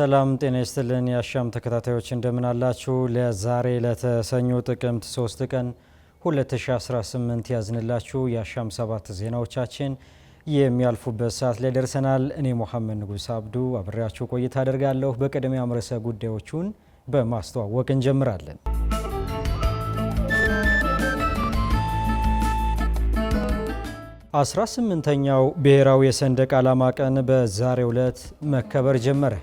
ሰላም ጤና ይስጥልን። የአሻም ተከታታዮች እንደምን አላችሁ? ለዛሬ ለተሰኞ ጥቅምት 3 ቀን 2018 ያዝንላችሁ የአሻም ሰባት ዜናዎቻችን የሚያልፉበት ሰዓት ላይ ደርሰናል። እኔ ሙሐመድ ንጉስ አብዱ አብሬያችሁ ቆይታ አደርጋለሁ። በቅድሚያ ርዕሰ ጉዳዮቹን በማስተዋወቅ እንጀምራለን። አስራ ስምንተኛው ብሔራዊ የሰንደቅ ዓላማ ቀን በዛሬው ዕለት መከበር ጀመረ።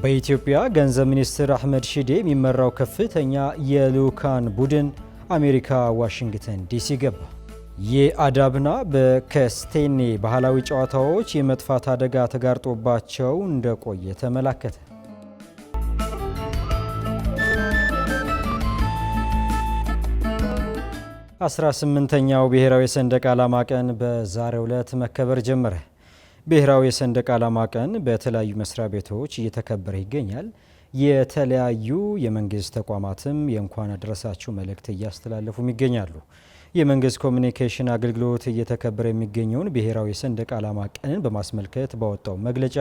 በኢትዮጵያ ገንዘብ ሚኒስትር አህመድ ሺዴ የሚመራው ከፍተኛ የልዑካን ቡድን አሜሪካ ዋሽንግተን ዲሲ ገባ። የአዳብና በከስቴኔ ባህላዊ ጨዋታዎች የመጥፋት አደጋ ተጋርጦባቸው እንደቆየ ተመላከተ። አስራ ስምንተኛው ብሔራዊ ሰንደቅ ዓላማ ቀን በዛሬው ዕለት መከበር ጀመረ። ብሔራዊ የሰንደቅ ዓላማ ቀን በተለያዩ መስሪያ ቤቶች እየተከበረ ይገኛል። የተለያዩ የመንግስት ተቋማትም የእንኳን አደረሳችሁ መልእክት እያስተላለፉም ይገኛሉ። የመንግስት ኮሚኒኬሽን አገልግሎት እየተከበረ የሚገኘውን ብሔራዊ የሰንደቅ ዓላማ ቀንን በማስመልከት ባወጣው መግለጫ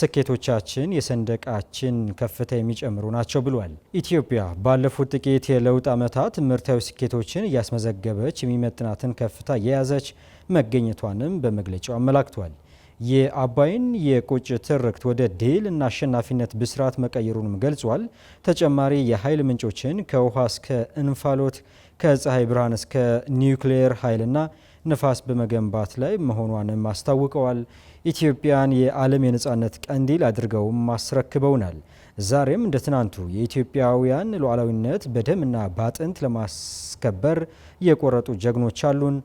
ስኬቶቻችን የሰንደቃችን ከፍታ የሚጨምሩ ናቸው ብሏል። ኢትዮጵያ ባለፉት ጥቂት የለውጥ ዓመታት ምርታዊ ስኬቶችን እያስመዘገበች የሚመጥናትን ከፍታ የያዘች መገኘቷንም በመግለጫው አመላክቷል። የአባይን የቁጭ ትርክት ወደ ድል እና አሸናፊነት ብስራት መቀየሩንም ገልጿል። ተጨማሪ የኃይል ምንጮችን ከውሃ እስከ እንፋሎት ከፀሐይ ብርሃን እስከ ኃይል ኃይልና ንፋስ በመገንባት ላይ መሆኗንም አስታውቀዋል። ኢትዮጵያን የዓለም የነፃነት ቀንዲል አድርገውም አስረክበውናል። ዛሬም እንደ ትናንቱ የኢትዮጵያውያን ሉዓላዊነት በደምና በአጥንት ለማስከበር የቆረጡ ጀግኖች አሉን።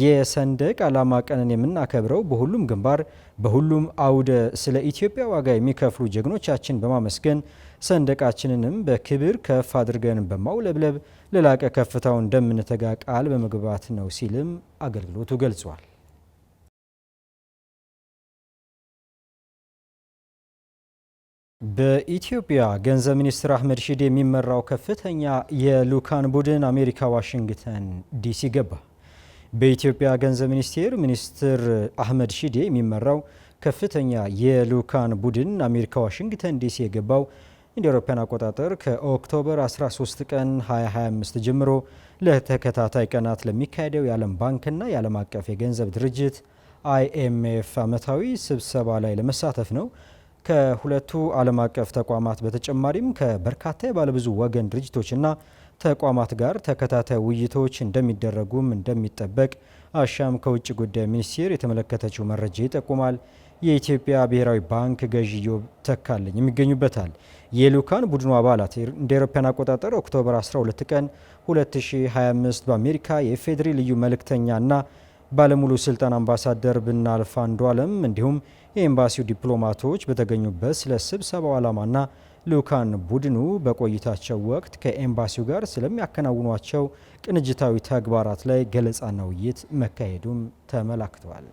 የሰንደቅ ዓላማ ቀንን የምናከብረው በሁሉም ግንባር በሁሉም አውደ ስለ ኢትዮጵያ ዋጋ የሚከፍሉ ጀግኖቻችን በማመስገን ሰንደቃችንንም በክብር ከፍ አድርገን በማውለብለብ ለላቀ ከፍታው እንደምንተጋ ቃል በመግባት ነው ሲልም አገልግሎቱ ገልጿል። በኢትዮጵያ ገንዘብ ሚኒስትር አህመድ ሺዴ የሚመራው ከፍተኛ የሉካን ቡድን አሜሪካ ዋሽንግተን ዲሲ ገባ። በኢትዮጵያ ገንዘብ ሚኒስቴር ሚኒስትር አህመድ ሺዴ የሚመራው ከፍተኛ የልዑካን ቡድን አሜሪካ ዋሽንግተን ዲሲ የገባው እንደ አውሮፓውያን አቆጣጠር ከኦክቶበር 13 ቀን 2025 ጀምሮ ለተከታታይ ቀናት ለሚካሄደው የዓለም ባንክና የዓለም አቀፍ የገንዘብ ድርጅት አይኤምኤፍ ዓመታዊ ስብሰባ ላይ ለመሳተፍ ነው። ከሁለቱ ዓለም አቀፍ ተቋማት በተጨማሪም ከበርካታ የባለብዙ ወገን ድርጅቶችና ተቋማት ጋር ተከታታይ ውይይቶች እንደሚደረጉም እንደሚጠበቅ አሻም ከውጭ ጉዳይ ሚኒስቴር የተመለከተችው መረጃ ይጠቁማል። የኢትዮጵያ ብሔራዊ ባንክ ገዢ ኢዮብ ተካልኝ ይገኙበታል። የልዑካን ቡድኑ አባላት እንደ አውሮፓውያን አቆጣጠር ኦክቶበር 12 ቀን 2025 በአሜሪካ የኢፌዴሪ ልዩ መልእክተኛና ባለሙሉ ስልጣን አምባሳደር ብናልፍ አለም እንዲሁም የኤምባሲው ዲፕሎማቶች በተገኙበት ስለ ስብሰባው ዓላማና ልዑካን ቡድኑ በቆይታቸው ወቅት ከኤምባሲው ጋር ስለሚያከናውኗቸው ቅንጅታዊ ተግባራት ላይ ገለጻና ውይይት መካሄዱም ተመላክተዋል።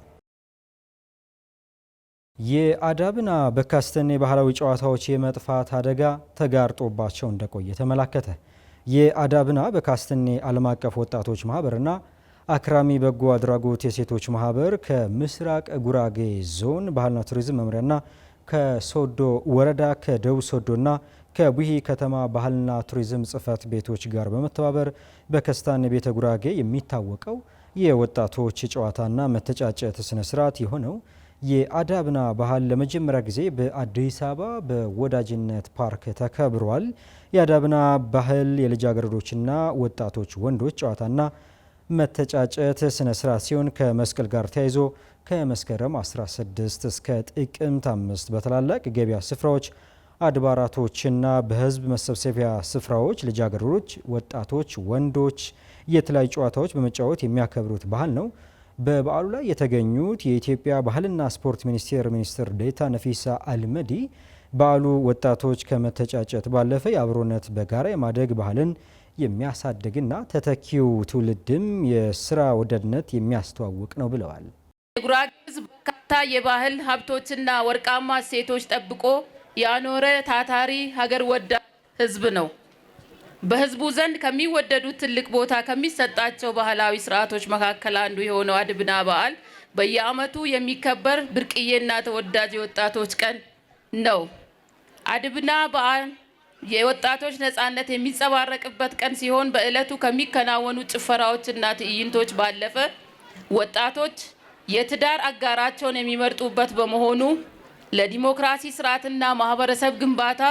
የአዳብና በካስተን የባህላዊ ጨዋታዎች የመጥፋት አደጋ ተጋርጦባቸው እንደቆየ ተመላከተ። የአዳብና በካስተኔ ዓለም አቀፍ ወጣቶች ማህበርና አክራሚ በጎ አድራጎት የሴቶች ማህበር ከምስራቅ ጉራጌ ዞን ባህልና ቱሪዝም መምሪያና ከሶዶ ወረዳ ከደቡብ ሶዶና ከቡሂ ከተማ ባህልና ቱሪዝም ጽፈት ቤቶች ጋር በመተባበር በከስታን ቤተ ጉራጌ የሚታወቀው የወጣቶች ጨዋታና መተጫጨት ስነ ስርዓት የሆነው የአዳብና ባህል ለመጀመሪያ ጊዜ በአዲስ አበባ በወዳጅነት ፓርክ ተከብሯል። የአዳብና ባህል የልጃገረዶችና ወጣቶች ወንዶች ጨዋታና መተጫጨት ስነ ስርዓት ሲሆን ከመስቀል ጋር ተያይዞ ከመስከረም 16 እስከ ጥቅምት 5 በትላላቅ ገበያ ስፍራዎች፣ አድባራቶችና በህዝብ መሰብሰቢያ ስፍራዎች ልጃገረዶች፣ ወጣቶች፣ ወንዶች የተለያዩ ጨዋታዎች በመጫወት የሚያከብሩት ባህል ነው። በበዓሉ ላይ የተገኙት የኢትዮጵያ ባህልና ስፖርት ሚኒስቴር ሚኒስትር ዴታ ነፊሳ አልመዲ በዓሉ ወጣቶች ከመተጫጨት ባለፈ የአብሮነት በጋራ የማደግ ባህልን የሚያሳድግና ተተኪው ትውልድም የስራ ወደድነት የሚያስተዋውቅ ነው ብለዋል። የጉራጌ ሕዝብ በርካታ የባህል ሀብቶችና ወርቃማ እሴቶች ጠብቆ ያኖረ ታታሪ ሀገር ወዳ ህዝብ ነው። በህዝቡ ዘንድ ከሚወደዱት ትልቅ ቦታ ከሚሰጣቸው ባህላዊ ስርዓቶች መካከል አንዱ የሆነው አድብና በዓል በየዓመቱ የሚከበር ብርቅዬና ተወዳጅ የወጣቶች ቀን ነው። አድብና በዓል የወጣቶች ነጻነት የሚንጸባረቅበት ቀን ሲሆን በዕለቱ ከሚከናወኑ ጭፈራዎችና ትዕይንቶች ባለፈ ወጣቶች የትዳር አጋራቸውን የሚመርጡበት በመሆኑ ለዲሞክራሲ ስርዓትና ማህበረሰብ ግንባታ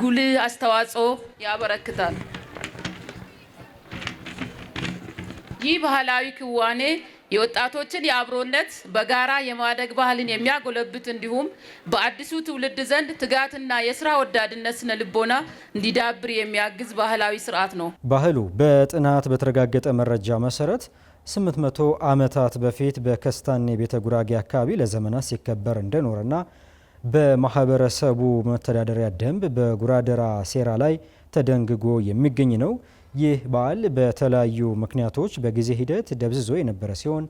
ጉልህ አስተዋጽኦ ያበረክታል። ይህ ባህላዊ ክዋኔ የወጣቶችን የአብሮነት በጋራ የማደግ ባህልን የሚያጎለብት እንዲሁም በአዲሱ ትውልድ ዘንድ ትጋትና የስራ ወዳድነት ስነ ልቦና እንዲዳብር የሚያግዝ ባህላዊ ስርዓት ነው። ባህሉ በጥናት በተረጋገጠ መረጃ መሰረት 800 ዓመታት በፊት በከስታኔ ቤተ ጉራጌ አካባቢ ለዘመናት ሲከበር እንደኖረና በማህበረሰቡ መተዳደሪያ ደንብ በጉራደራ ሴራ ላይ ተደንግጎ የሚገኝ ነው። ይህ በዓል በተለያዩ ምክንያቶች በጊዜ ሂደት ደብዝዞ የነበረ ሲሆን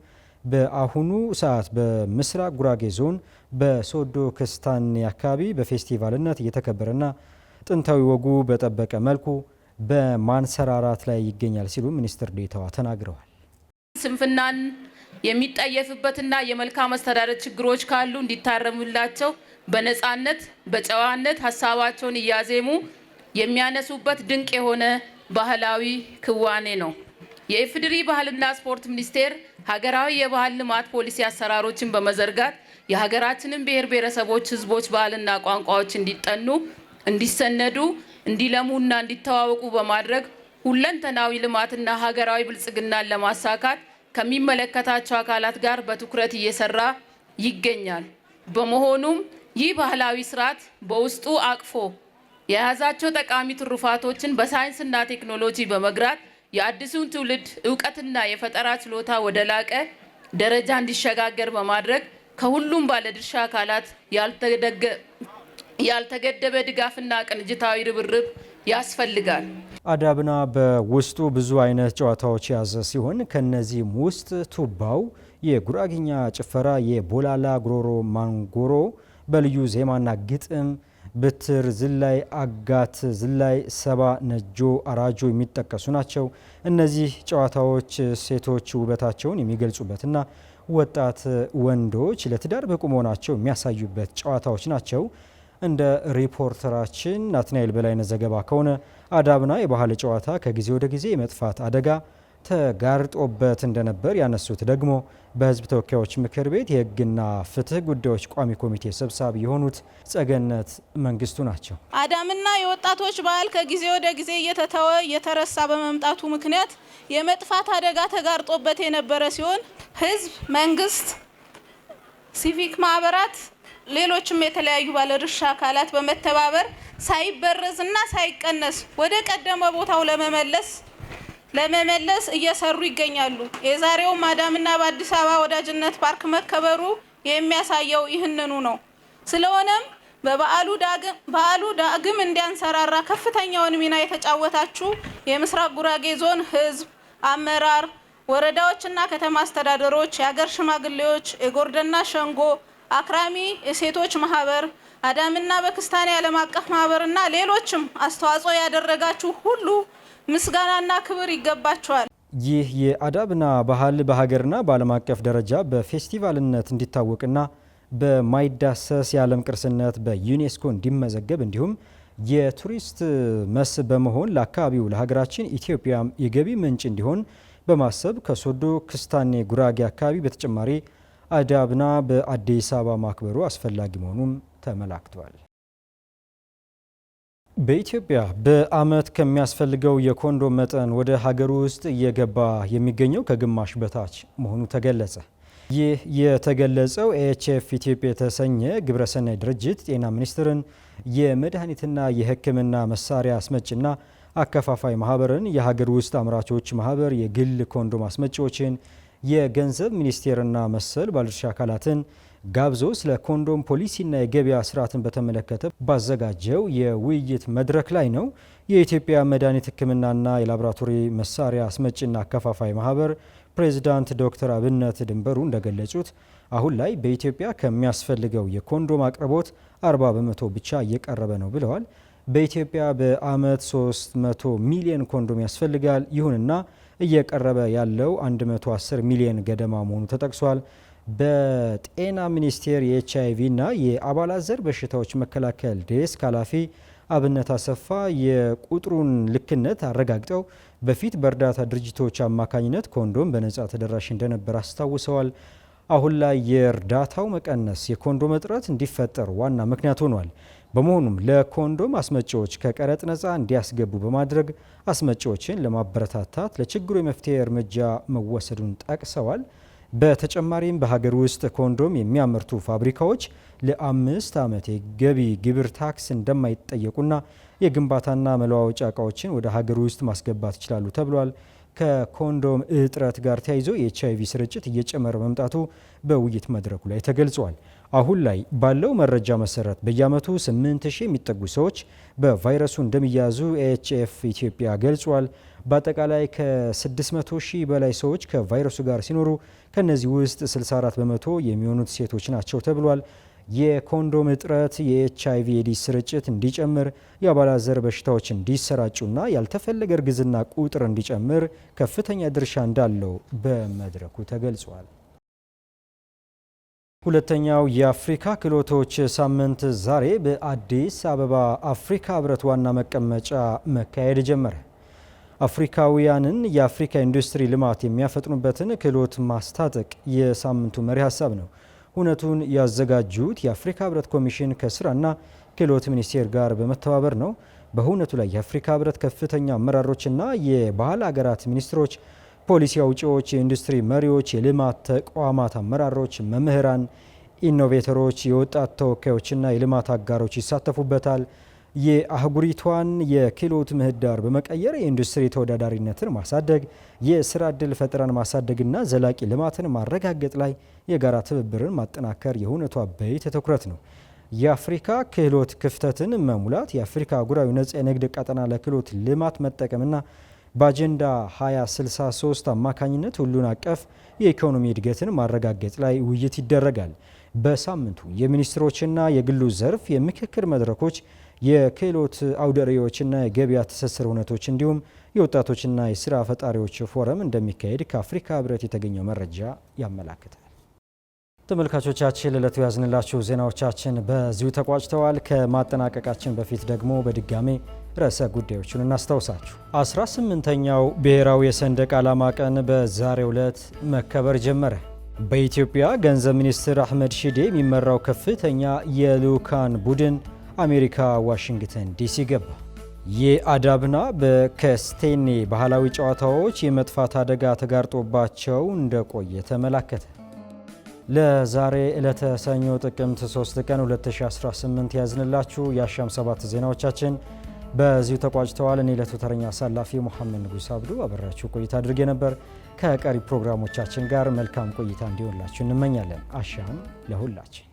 በአሁኑ ሰዓት በምስራቅ ጉራጌ ዞን በሶዶ ክስታን አካባቢ በፌስቲቫልነት እየተከበረና ጥንታዊ ወጉ በጠበቀ መልኩ በማንሰራራት ላይ ይገኛል ሲሉ ሚኒስትር ዴታዋ ተናግረዋል። ስንፍናን የሚጠየፍበትና የመልካም አስተዳደር ችግሮች ካሉ እንዲታረሙላቸው በነፃነት በጨዋነት ሀሳባቸውን እያዜሙ የሚያነሱበት ድንቅ የሆነ ባህላዊ ክዋኔ ነው። የኢፌዴሪ ባህልና ስፖርት ሚኒስቴር ሀገራዊ የባህል ልማት ፖሊሲ አሰራሮችን በመዘርጋት የሀገራችንን ብሔር ብሔረሰቦች፣ ህዝቦች ባህልና ቋንቋዎች እንዲጠኑ፣ እንዲሰነዱ፣ እንዲለሙና እንዲተዋወቁ በማድረግ ሁለንተናዊ ልማትና ሀገራዊ ብልጽግናን ለማሳካት ከሚመለከታቸው አካላት ጋር በትኩረት እየሰራ ይገኛል። በመሆኑም ይህ ባህላዊ ስርዓት በውስጡ አቅፎ የያዛቸው ጠቃሚ ትሩፋቶችን በሳይንስና ቴክኖሎጂ በመግራት የአዲሱን ትውልድ እውቀትና የፈጠራ ችሎታ ወደ ላቀ ደረጃ እንዲሸጋገር በማድረግ ከሁሉም ባለድርሻ አካላት ያልተገደበ ድጋፍና ቅንጅታዊ ርብርብ ያስፈልጋል። አዳብና በውስጡ ብዙ አይነት ጨዋታዎች የያዘ ሲሆን ከነዚህም ውስጥ ቱባው፣ የጉራግኛ ጭፈራ፣ የቦላላ ጉሮሮ፣ ማንጎሮ በልዩ ዜማና ግጥም ብትር፣ ዝላይ፣ አጋት፣ ዝላይ፣ ሰባ፣ ነጆ፣ አራጆ የሚጠቀሱ ናቸው። እነዚህ ጨዋታዎች ሴቶች ውበታቸውን የሚገልጹበትና ወጣት ወንዶች ለትዳር ብቁ መሆናቸው የሚያሳዩበት ጨዋታዎች ናቸው። እንደ ሪፖርተራችን ናትናኤል በላይነ ዘገባ ከሆነ አዳብና የባህል ጨዋታ ከጊዜ ወደ ጊዜ የመጥፋት አደጋ ተጋርጦበት እንደነበር ያነሱት ደግሞ በህዝብ ተወካዮች ምክር ቤት የህግና ፍትህ ጉዳዮች ቋሚ ኮሚቴ ሰብሳቢ የሆኑት ጸገነት መንግስቱ ናቸው። አዳምና የወጣቶች ባህል ከጊዜ ወደ ጊዜ እየተተወ እየተረሳ በመምጣቱ ምክንያት የመጥፋት አደጋ ተጋርጦበት የነበረ ሲሆን ህዝብ፣ መንግስት፣ ሲቪክ ማህበራት፣ ሌሎችም የተለያዩ ባለድርሻ አካላት በመተባበር ሳይበረዝና ሳይቀነስ ወደ ቀደመ ቦታው ለመመለስ ለመመለስ እየሰሩ ይገኛሉ። የዛሬው ማዳምና በአዲስ አበባ ወዳጅነት ፓርክ መከበሩ የሚያሳየው ይህንኑ ነው። ስለሆነም በበዓሉ ዳግም እንዲያንሰራራ ከፍተኛውን ሚና የተጫወታችሁ የምስራቅ ጉራጌ ዞን ህዝብ፣ አመራር፣ ወረዳዎችና ከተማ አስተዳደሮች፣ የአገር ሽማግሌዎች፣ የጎርደና ሸንጎ አክራሚ የሴቶች ማህበር አዳምና በክስታኔ ዓለም አቀፍ ማህበርና ሌሎችም አስተዋጽኦ ያደረጋችሁ ሁሉ ምስጋናና ክብር ይገባቸዋል። ይህ የአዳብና ባህል በሀገርና በዓለም አቀፍ ደረጃ በፌስቲቫልነት እንዲታወቅና በማይዳሰስ የዓለም ቅርስነት በዩኔስኮ እንዲመዘገብ እንዲሁም የቱሪስት መስህብ በመሆን ለአካባቢው ለሀገራችን ኢትዮጵያ የገቢ ምንጭ እንዲሆን በማሰብ ከሶዶ ክስታኔ ጉራጌ አካባቢ በተጨማሪ አዳብና በአዲስ አበባ ማክበሩ አስፈላጊ መሆኑም ተመላክቷል። በኢትዮጵያ በዓመት ከሚያስፈልገው የኮንዶም መጠን ወደ ሀገር ውስጥ እየገባ የሚገኘው ከግማሽ በታች መሆኑ ተገለጸ። ይህ የተገለጸው ኤችኤፍ ኢትዮጵያ የተሰኘ ግብረሰናይ ድርጅት ጤና ሚኒስቴርን፣ የመድኃኒትና የሕክምና መሳሪያ አስመጭና አከፋፋይ ማህበርን፣ የሀገር ውስጥ አምራቾች ማህበር፣ የግል ኮንዶም አስመጪዎችን፣ የገንዘብ ሚኒስቴርና መሰል ባለድርሻ አካላትን ጋብዞ ስለ ኮንዶም ፖሊሲና የገበያ ስርዓትን በተመለከተ ባዘጋጀው የውይይት መድረክ ላይ ነው። የኢትዮጵያ መድኃኒት ሕክምናና የላቦራቶሪ መሳሪያ አስመጪና አከፋፋይ ማህበር ፕሬዚዳንት ዶክተር አብነት ድንበሩ እንደገለጹት አሁን ላይ በኢትዮጵያ ከሚያስፈልገው የኮንዶም አቅርቦት 40 በመቶ ብቻ እየቀረበ ነው ብለዋል። በኢትዮጵያ በአመት 300 ሚሊዮን ኮንዶም ያስፈልጋል። ይሁንና እየቀረበ ያለው 110 ሚሊዮን ገደማ መሆኑ ተጠቅሷል። በጤና ሚኒስቴር የኤች አይ ቪ ና የአባላት ዘር በሽታዎች መከላከል ዴስክ ኃላፊ አብነት አሰፋ የቁጥሩን ልክነት አረጋግጠው በፊት በእርዳታ ድርጅቶች አማካኝነት ኮንዶም በነጻ ተደራሽ እንደነበር አስታውሰዋል። አሁን ላይ የእርዳታው መቀነስ የኮንዶም እጥረት እንዲፈጠር ዋና ምክንያት ሆኗል። በመሆኑም ለኮንዶም አስመጪዎች ከቀረጥ ነጻ እንዲያስገቡ በማድረግ አስመጪዎችን ለማበረታታት ለችግሩ የመፍትሄ እርምጃ መወሰዱን ጠቅሰዋል። በተጨማሪም በሀገር ውስጥ ኮንዶም የሚያመርቱ ፋብሪካዎች ለአምስት ዓመት የገቢ ግብር ታክስ እንደማይጠየቁና የግንባታና መለዋወጫ እቃዎችን ወደ ሀገር ውስጥ ማስገባት ይችላሉ ተብሏል። ከኮንዶም እጥረት ጋር ተያይዞ የኤች አይቪ ስርጭት እየጨመረ መምጣቱ በውይይት መድረኩ ላይ ተገልጿል። አሁን ላይ ባለው መረጃ መሰረት በየዓመቱ 8000 የሚጠጉ ሰዎች በቫይረሱ እንደሚያዙ ኤችኤፍ ኢትዮጵያ ገልጿል። በአጠቃላይ ከ600 ሺህ በላይ ሰዎች ከቫይረሱ ጋር ሲኖሩ ከእነዚህ ውስጥ 64 በመቶ የሚሆኑት ሴቶች ናቸው ተብሏል። የኮንዶም እጥረት የኤች አይቪ ኤዲስ ስርጭት እንዲጨምር የአባላዘር በሽታዎች እንዲሰራጩና ያልተፈለገ እርግዝና ቁጥር እንዲጨምር ከፍተኛ ድርሻ እንዳለው በመድረኩ ተገልጿል። ሁለተኛው የአፍሪካ ክህሎቶች ሳምንት ዛሬ በአዲስ አበባ አፍሪካ ህብረት ዋና መቀመጫ መካሄድ ጀመረ። አፍሪካውያንን የአፍሪካ ኢንዱስትሪ ልማት የሚያፈጥኑበትን ክህሎት ማስታጠቅ የሳምንቱ መሪ ሀሳብ ነው። እውነቱን ያዘጋጁት የአፍሪካ ህብረት ኮሚሽን ከስራና ክህሎት ሚኒስቴር ጋር በመተባበር ነው። በእውነቱ ላይ የአፍሪካ ህብረት ከፍተኛ አመራሮችና የባህል ሀገራት ሚኒስትሮች፣ ፖሊሲ አውጪዎች፣ የኢንዱስትሪ መሪዎች፣ የልማት ተቋማት አመራሮች፣ መምህራን፣ ኢኖቬተሮች፣ የወጣት ተወካዮችና የልማት አጋሮች ይሳተፉበታል። የአህጉሪቷን የክህሎት ምህዳር በመቀየር የኢንዱስትሪ ተወዳዳሪነትን ማሳደግ፣ የስራ ዕድል ፈጠራን ማሳደግና ዘላቂ ልማትን ማረጋገጥ ላይ የጋራ ትብብርን ማጠናከር የሁነቱ አበይት ትኩረት ነው። የአፍሪካ ክህሎት ክፍተትን መሙላት የአፍሪካ አህጉራዊ ነጻ የንግድ ቀጠና ለክህሎት ልማት መጠቀምና በአጀንዳ 2063 አማካኝነት ሁሉን አቀፍ የኢኮኖሚ እድገትን ማረጋገጥ ላይ ውይይት ይደረጋል። በሳምንቱ የሚኒስትሮችና የግሉ ዘርፍ የምክክር መድረኮች የክህሎት አውደሪዎችና የገበያ ትስስር እውነቶች እንዲሁም የወጣቶችና የስራ ፈጣሪዎች ፎረም እንደሚካሄድ ከአፍሪካ ህብረት የተገኘው መረጃ ያመላክታል። ተመልካቾቻችን ለዕለቱ ያዝንላችሁ ዜናዎቻችን በዚሁ ተቋጭተዋል። ከማጠናቀቃችን በፊት ደግሞ በድጋሜ ርዕሰ ጉዳዮቹን እናስታውሳችሁ። 18ኛው ብሔራዊ የሰንደቅ ዓላማ ቀን በዛሬው ዕለት መከበር ጀመረ። በኢትዮጵያ ገንዘብ ሚኒስትር አህመድ ሺዴ የሚመራው ከፍተኛ የልዑካን ቡድን አሜሪካ ዋሽንግተን ዲሲ ገባ። የአዳብና በከስቴኔ ባህላዊ ጨዋታዎች የመጥፋት አደጋ ተጋርጦባቸው እንደቆየ ተመላከተ። ለዛሬ ዕለተ ሰኞ ጥቅምት 3 ቀን 2018 ያዝንላችሁ የአሻም ሰባት ዜናዎቻችን በዚሁ ተቋጭተዋል። እኔ ዕለቱ ተረኛ አሳላፊ ሙሐመድ ንጉስ አብዱ አበራችሁ ቆይታ አድርጌ ነበር። ከቀሪ ፕሮግራሞቻችን ጋር መልካም ቆይታ እንዲሆንላችሁ እንመኛለን። አሻም ለሁላችን!